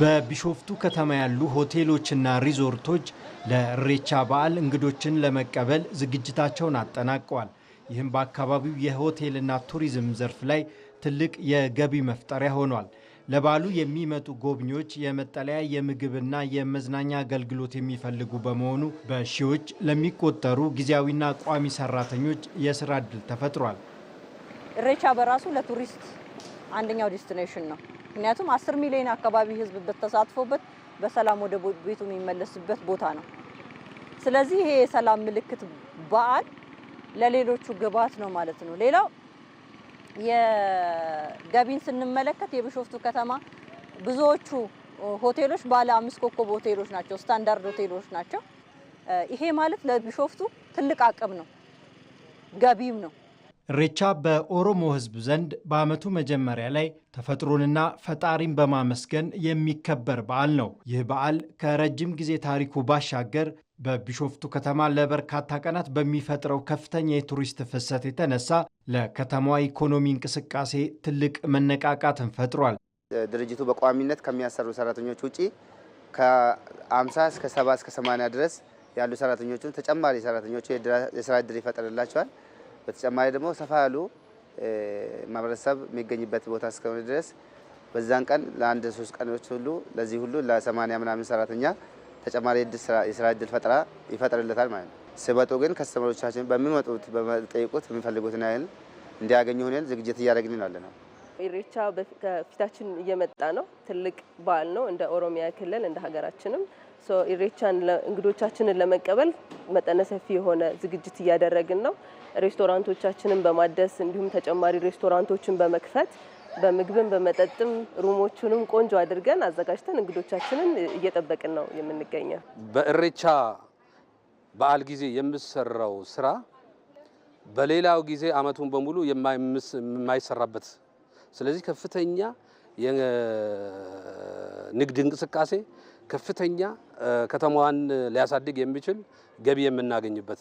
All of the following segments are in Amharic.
በቢሾፍቱ ከተማ ያሉ ሆቴሎችና ሪዞርቶች ለእሬቻ በዓል እንግዶችን ለመቀበል ዝግጅታቸውን አጠናቀዋል። ይህም በአካባቢው የሆቴልና ቱሪዝም ዘርፍ ላይ ትልቅ የገቢ መፍጠሪያ ሆኗል። ለበዓሉ የሚመጡ ጎብኚዎች የመጠለያ የምግብና የመዝናኛ አገልግሎት የሚፈልጉ በመሆኑ በሺዎች ለሚቆጠሩ ጊዜያዊና ቋሚ ሰራተኞች የስራ እድል ተፈጥሯል። እሬቻ በራሱ ለቱሪስት አንደኛው ዴስቲኔሽን ነው። ምክንያቱም አስር ሚሊዮን አካባቢ ህዝብ በተሳትፎበት በሰላም ወደ ቤቱ የሚመለስበት ቦታ ነው። ስለዚህ ይሄ የሰላም ምልክት በዓል ለሌሎቹ ግብዓት ነው ማለት ነው። ሌላው የገቢን ስንመለከት የቢሾፍቱ ከተማ ብዙዎቹ ሆቴሎች ባለ አምስት ኮከብ ሆቴሎች ናቸው፣ ስታንዳርድ ሆቴሎች ናቸው። ይሄ ማለት ለቢሾፍቱ ትልቅ አቅም ነው፣ ገቢም ነው። እሬቻ በኦሮሞ ሕዝብ ዘንድ በዓመቱ መጀመሪያ ላይ ተፈጥሮንና ፈጣሪን በማመስገን የሚከበር በዓል ነው። ይህ በዓል ከረጅም ጊዜ ታሪኩ ባሻገር በቢሾፍቱ ከተማ ለበርካታ ቀናት በሚፈጥረው ከፍተኛ የቱሪስት ፍሰት የተነሳ ለከተማዋ ኢኮኖሚ እንቅስቃሴ ትልቅ መነቃቃትን ፈጥሯል። ድርጅቱ በቋሚነት ከሚያሰሩ ሰራተኞች ውጪ ከ50 እስከ 70 እስከ 80 ድረስ ያሉ ሰራተኞቹን ተጨማሪ ሰራተኞቹ የስራ ዕድል ይፈጥርላቸዋል። በተጨማሪ ደግሞ ሰፋ ያሉ ማህበረሰብ የሚገኝበት ቦታ እስከሆነ ድረስ በዛን ቀን ለአንድ ሶስት ቀኖች ሁሉ ለዚህ ሁሉ ለሰማንያ ምናምን ሰራተኛ ተጨማሪ የስራ እድል ፈጠራ ይፈጥርለታል ማለት ነው። ስመጡ ግን ከስተመሮቻችን በሚመጡት በሚጠይቁት በሚፈልጉትን ያህል እንዲያገኙ ሆነን ዝግጅት እያደረግን ነው ያለነው። ኢሬቻ ከፊታችን እየመጣ ነው። ትልቅ በዓል ነው እንደ ኦሮሚያ ክልል እንደ ሀገራችንም ኢሬቻን እንግዶቻችንን ለመቀበል መጠነ ሰፊ የሆነ ዝግጅት እያደረግን ነው። ሬስቶራንቶቻችንን በማደስ እንዲሁም ተጨማሪ ሬስቶራንቶችን በመክፈት በምግብም በመጠጥም ሩሞቹንም ቆንጆ አድርገን አዘጋጅተን እንግዶቻችንን እየጠበቅን ነው የምንገኘው። በኢሬቻ በዓል ጊዜ የምሰራው ስራ በሌላው ጊዜ አመቱን በሙሉ የማይሰራበት ስለዚህ ከፍተኛ የንግድ እንቅስቃሴ ከፍተኛ ከተማዋን ሊያሳድግ የሚችል ገቢ የምናገኝበት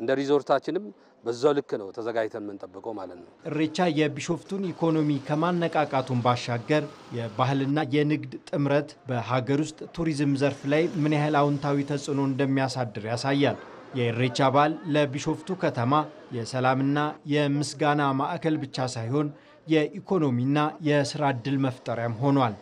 እንደ ሪዞርታችንም በዛው ልክ ነው ተዘጋጅተን የምንጠብቀው ማለት ነው። እሬቻ የቢሾፍቱን ኢኮኖሚ ከማነቃቃቱን ባሻገር የባህልና የንግድ ጥምረት በሀገር ውስጥ ቱሪዝም ዘርፍ ላይ ምን ያህል አውንታዊ ተጽዕኖ እንደሚያሳድር ያሳያል። የእሬቻ በዓል ለቢሾፍቱ ከተማ የሰላምና የምስጋና ማዕከል ብቻ ሳይሆን የኢኮኖሚና የስራ እድል መፍጠሪያም ሆኗል።